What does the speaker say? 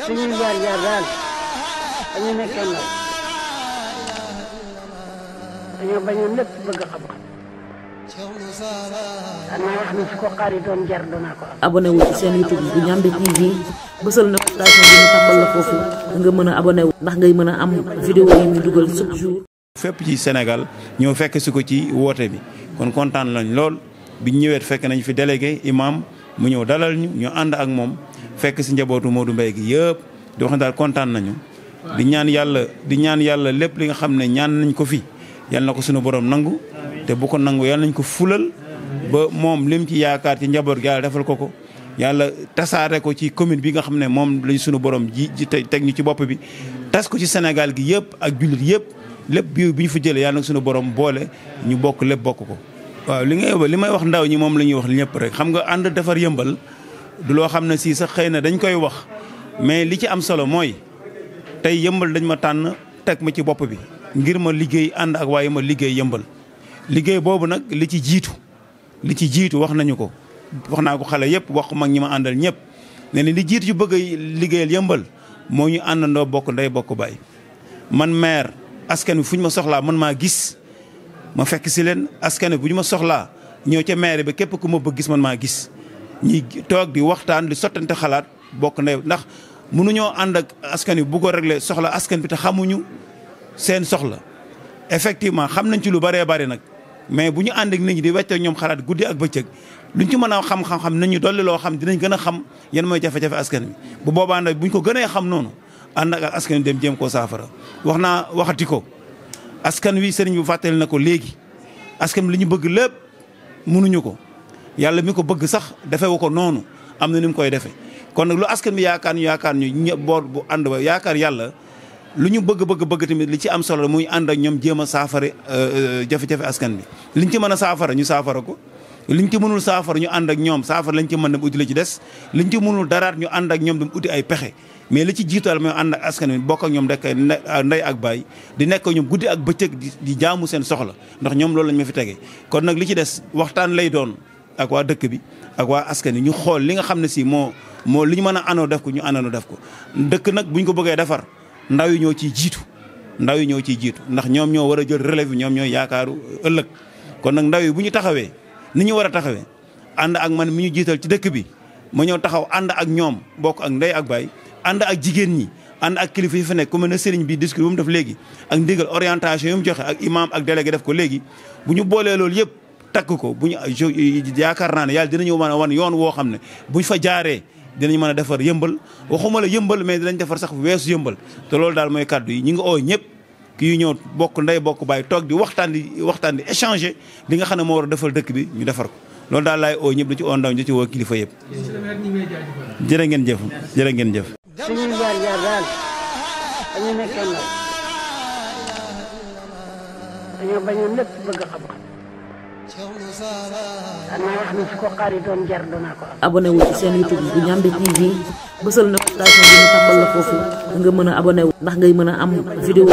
Sehingga jalan Penyemekana Penyemekana Penyemekana abonné wu ci seen youtube bu ñambe tv na station bi la fofu nga abonné wu ndax ngay am vidéo yi ñu duggal chaque jour ci sénégal ñoo fekk ko ci bi kon lañ lool bi fekk imam mu ñëw dalal ñu ñu and fekk si njabootu Modou Mbaye gi yëpp di wax ne daal kontaan nañu. di ñaan yàlla di ñaan yàlla lépp li nga xam ne ñaan nañ ko fi yal na ko suñu borom nangu. te bu ko nangu yal nañ ko fulal. ba moom lim ci yaakaar ci njaboot gi yàlla defal ko ko. yàlla tasaare ko ci commune bi nga xam ne moom lañ suñu boroom ji ji teg ñu ci bopp bi. tas ko ci Sénégal gi yëpp ak jullit yëpp lépp biir bi ñu fa jëlee yàlla na suñu borom boole ñu bokk lépp bokk ko. waaw li ngay li may wax ndaw ñi moom la ñuy wax ñëpp rek xam ànd defar yëmbal. du loo xam ne sii sax xëy na dañu koy wax mais li ci am solo mooy tey yëmbal dañ ma tànn teg ma ci bopp bi ngir ma liggéey ànd ak waaye ma liggéey yëmbal liggéey boobu nag li ci jiitu li ci jiitu wax nañu ko wax naa ko xale yëpp wax mag ñi ma àndal ñëpp ne li jiitu ci bëgg a liggéeyal yëmbal moo ñu àndandoo bokk ndey bokk baay man maire askan wi fu ñu ma soxlaa man maa gis ma fekk si leen askan bu ñu ma soxlaa ñëw ca maire bi képp ku ma bëgg man maa gis ñi toog di waxtaan di sottante xalaat bokk na ndax mënuñoo ànd ak askan wi bu ko réglé soxla askan bi te xamuñu seen soxla effectivement xam nañ ci lu bëree bëri nag mais bu ñu ànd ak nit ñi di wecc ñoom xalaat guddi ak bëccëg luñ ci mën a xam-xam-xam nañ ñu loo xam dinañ gën a xam yan mooy jafe-jafe askan bi bu boobaa nag bu ñu ko gënee xam noonu ànd ak askan wi dem jéem koo saafara wax naa waxati ko askan wi sëriñ bi fàttali na ko léegi askan bi li ñu bëgg lépp mënuñu ko yàlla mi ko bëgg sax defewu ko noonu am na ni mu koy defee kon nag lu askan bi yaakaar ñu yaakaar ñu ñë boor bu ànd yaakaar yàlla lu ñu bëgg bëgg bëgg tamit li ci am solo muy ànd ak ñoom jéem a saafara euh, euh, jafe-jafe askan bi. liñ ci mën a saafara ñu saafara ko liñ ci mënul saafara ñu ànd ak ñoom saafara lañ ci mën dem uti la ci des liñ ci mënul daraat ñu ànd ñoom dem uti ay mais li ci jiital mooy ànd askan wi bokk ak ñoom rek ndey ak baay di nekk ñoom guddi ak bëccëg di jaamu seen soxla ndax ñoom loolu lañ ma fi tege kon nag li ci des waxtaan lay doon ak waa dëkk bi ak waa askan wi ñu xool li nga xam ne si moo moo li ñu mën a anoo def ko ñu anono def ko dëkk nag bu buñ ko bëggee defar ndaw yi ñoo ciy jiitu ndaw yi ñoo ciy jiitu ndax ñoom ñoo war a jël relève bi ñoom ñooy yaakaaru ëllëg kon nag ndaw yi bu ñu taxawee ni ñu war a taxawee ànd ak man mi ñu jiital ci dëkk bi ma ñëw taxaw ànd ak ñoom bokk ak ndey ak baay ànd ak jigéen ñi ànd ak kilifa yi fa nekk ku mel ne sëriñ bi discours bu mu def léegi ak ndigal orientation yu mu joxe ak imam ak délégué def ko léegi takku ko bu yaakar yaakaar yalla dinañu mëna a wan yoon wo xamne buñ fa jaaré dinañu mëna défar defar yëmbal waxuma la yëmbal mais dinañ défar sax wessu yëmbal té lool daal moy kaddu yi ñi nga ñepp ki kii ñëw bokk nday bokk bay tok di waxtaan di waxtaan di échanger li nga xamne mo wara war dëkk bi ñu défar ko lool daal lay o ñepp lu ci oo ndaw ñu ci wo kilifa yëpp jëre ngeen jëf jëre ngeen jëf suñu jaar jaar daal dañu nekkoon dañoo bañoon lépp bëgg xam-xam dana wax ni su ko xaritoon jar ko am. wu ci seen YouTube bu Ndiamé TV bësal na station bi ñu tàmbal la foofu nga mën a abonné ndax ngay mën a am vidéo